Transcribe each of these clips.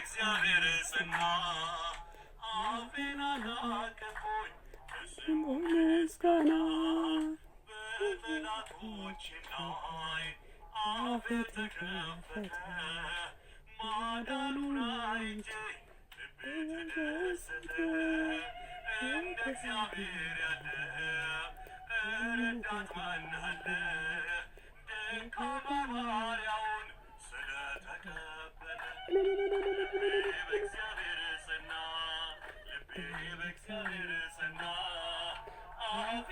እግዚአብሔር ጽና አፌን አላቀፎኝ እሱም ምስጋና በጠላቶች ላይ አፌ ተከፈተ ልቤ ተደሰተ እንደ እግዚአብሔር ያለ ባሪያውን ስለተቀበለ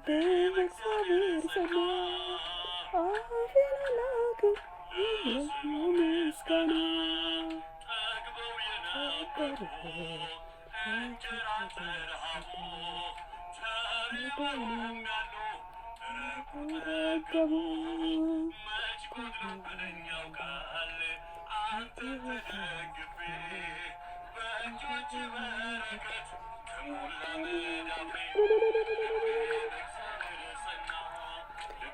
አንተ ተመግቤ በእንጆች በረከት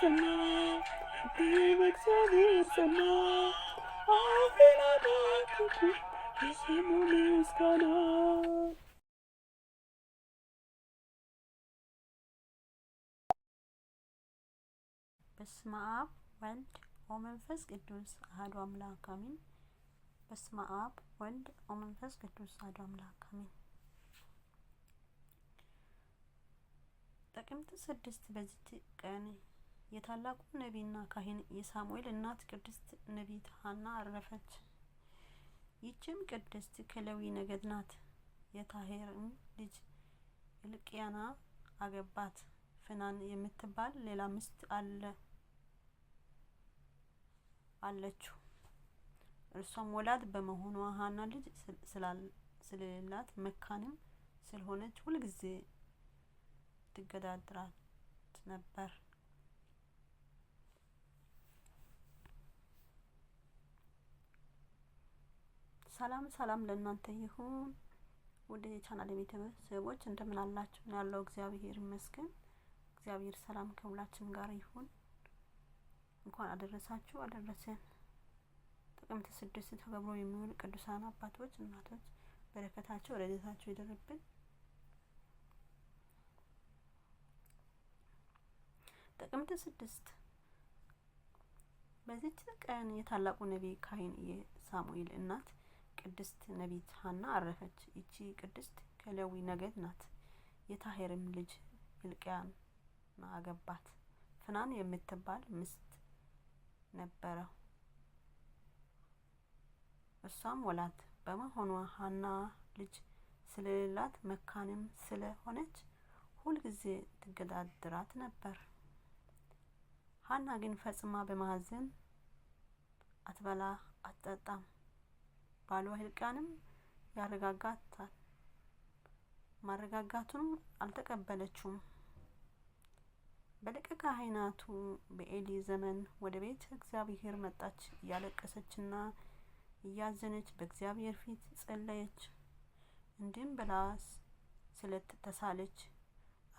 ሰማ በእግዚአብሔር ሰማ አፌላዳኩ የስሙ ምስጋና በስመ አብ ወልድ ወመንፈስ ቅዱስ አሐዱ አምላክ አሜን። በስመ አብ ወልድ ወመንፈስ ቅዱስ አሐዱ አምላክ አሜን። ጥቅምት ስድስት በዚህ ቀን የታላቁ ነቢይና ካህን የሳሙኤል እናት ቅድስት ነቢይት ሀና አረፈች። ይህችም ቅድስት ከሌዊ ነገድ ናት። የታሄርም ልጅ እልቅያና አገባት። ፍናን የምትባል ሌላ ሚስት አለ አለችው። እርሷም ወላድ በመሆኗ ሀና ልጅ ስለሌላት መካንም ስለሆነች ሁልጊዜ ትገዳድራት ነበር። ሰላም ሰላም ለእናንተ ይሁን ወደ ቻናል ቤተሰቦች እንደምን አላችሁ? ያለው እግዚአብሔር ይመስገን። እግዚአብሔር ሰላም ከሁላችን ጋር ይሁን። እንኳን አደረሳችሁ አደረሰን። ጥቅምት ስድስት ተከብሮ የሚውል ቅዱሳን አባቶች፣ እናቶች በረከታቸው ረድኤታቸው ይደርብን። ጥቅምት ስድስት በዚች ቀን የታላቁ ነቢይ ካይን የሳሙኤል እናት ቅድስት ነቢት ሀና አረፈች። ይቺ ቅድስት ከሌዊ ነገድ ናት። የታሄርም ልጅ ሕልቅያን አገባት። ፍናን የምትባል ምስት ነበረው፣ እሷም ወላት በመሆኗ ሀና ልጅ ስለሌላት መካንም ስለሆነች ሁልጊዜ ትገዳድራት ነበር። ሀና ግን ፈጽማ በማዘን አትበላ አትጠጣም። ባሏ ያረጋጋታል። ማረጋጋቱንም አልተቀበለችውም። በሊቀ ካህናቱ በኤሊ ዘመን ወደ ቤተ እግዚአብሔር መጣች። እያለቀሰችና እያዘነች በእግዚአብሔር ፊት ጸለየች። እንዲህም ብላ ስለት ተሳለች፣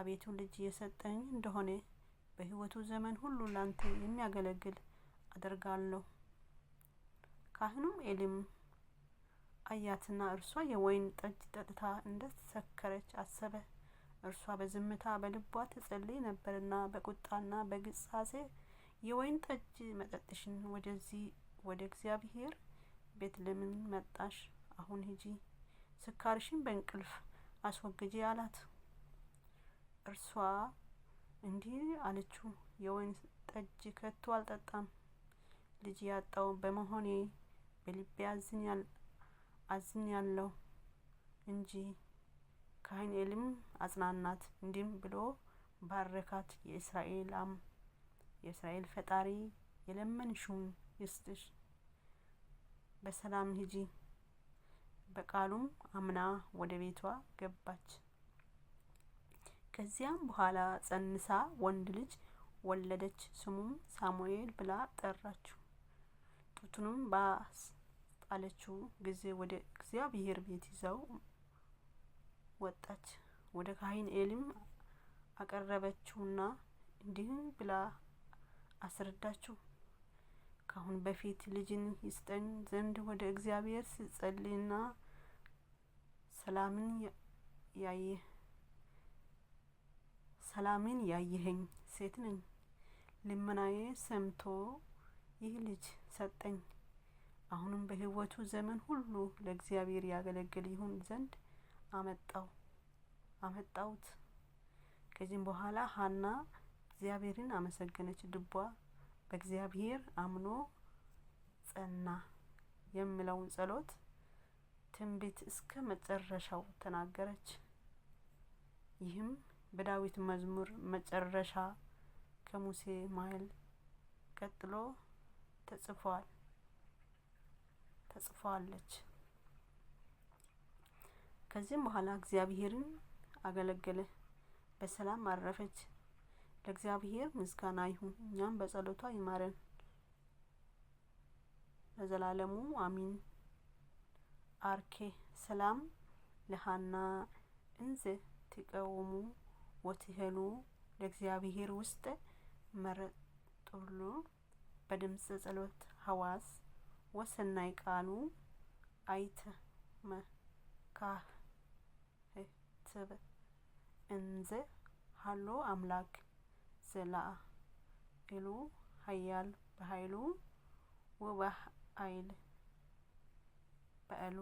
አቤቱ ልጅ የሰጠኝ እንደሆነ በሕይወቱ ዘመን ሁሉ ላንተ የሚያገለግል አደርጋለሁ። ካህኑም ኤሊም አያትና እርሷ የወይን ጠጅ ጠጥታ እንደ ሰከረች አሰበ። እርሷ በዝምታ በልቧ ትጸልይ ነበርና በቁጣና በግሳጼ የወይን ጠጅ መጠጥሽን ወደዚህ ወደ እግዚአብሔር ቤት ለምን መጣሽ? አሁን ሂጂ፣ ስካርሽን በእንቅልፍ አስወግጂ አላት። እርሷ እንዲህ አለችው፣ የወይን ጠጅ ከቶ አልጠጣም። ልጅ ያጣው በመሆኔ በልቤ አዝኛል አዝን ያለው እንጂ ካህን ኤሊም አጽናናት፣ እንዲህም ብሎ ባረካት። የእስራኤል አም የእስራኤል ፈጣሪ የለመንሽውን ይስጥሽ፣ በሰላም ሂጂ። በቃሉም አምና ወደ ቤቷ ገባች። ከዚያም በኋላ ጸንሳ ወንድ ልጅ ወለደች፣ ስሙም ሳሙኤል ብላ ጠራችው። ጡቱንም አለችው ጊዜ ወደ እግዚአብሔር ቤት ይዘው ወጣች። ወደ ካህን ኤሊም አቀረበችውና እንዲህ ብላ አስረዳችው። ካሁን በፊት ልጅን ይስጠኝ ዘንድ ወደ እግዚአብሔር ስጸልይና ሰላምን ያየ ሰላምን ያየኸኝ ሴት ነኝ። ልመናዬ ሰምቶ ይህ ልጅ ሰጠኝ። አሁንም በህይወቱ ዘመን ሁሉ ለእግዚአብሔር ያገለግል ይሁን ዘንድ አመጣው አመጣውት። ከዚህም በኋላ ሀና እግዚአብሔርን አመሰገነች። ልቧ በእግዚአብሔር አምኖ ጸና የሚለውን ጸሎት ትንቢት እስከ መጨረሻው ተናገረች። ይህም በዳዊት መዝሙር መጨረሻ ከሙሴ ማይል ቀጥሎ ተጽፏል። ተጽፋለች። ከዚህም በኋላ እግዚአብሔርን አገለገለ፣ በሰላም አረፈች። ለእግዚአብሔር ምስጋና ይሁን፣ እኛም በጸሎቷ ይማረን ለዘላለሙ አሚን። አርኬ ሰላም ለሃና እንዘ ትቀውሙ ወትሄኑ ለእግዚአብሔር ውስጥ መረጡሉ በድምፅ ጸሎት ሐዋስ ወሰናይ ቃሉ አይት መካህትብ እንዘ ሀሎ አምላክ ዘላእሉ ሀያል በሀይሉ ወበአይል በእሉ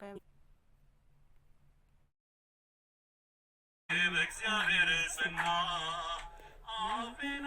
በእግዚአብሔር ጽና አፌን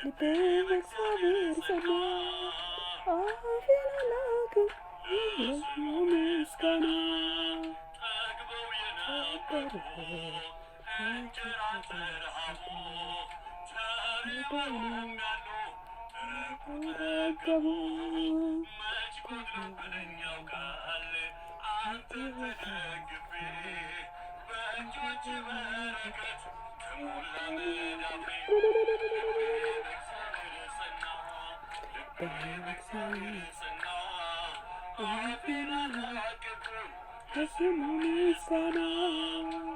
ልቤ እግዚአብሔር ሰማ አፌላላክ ምስጋና ተግበው የነበረ galaxy. I've been alive. Just a moment, it's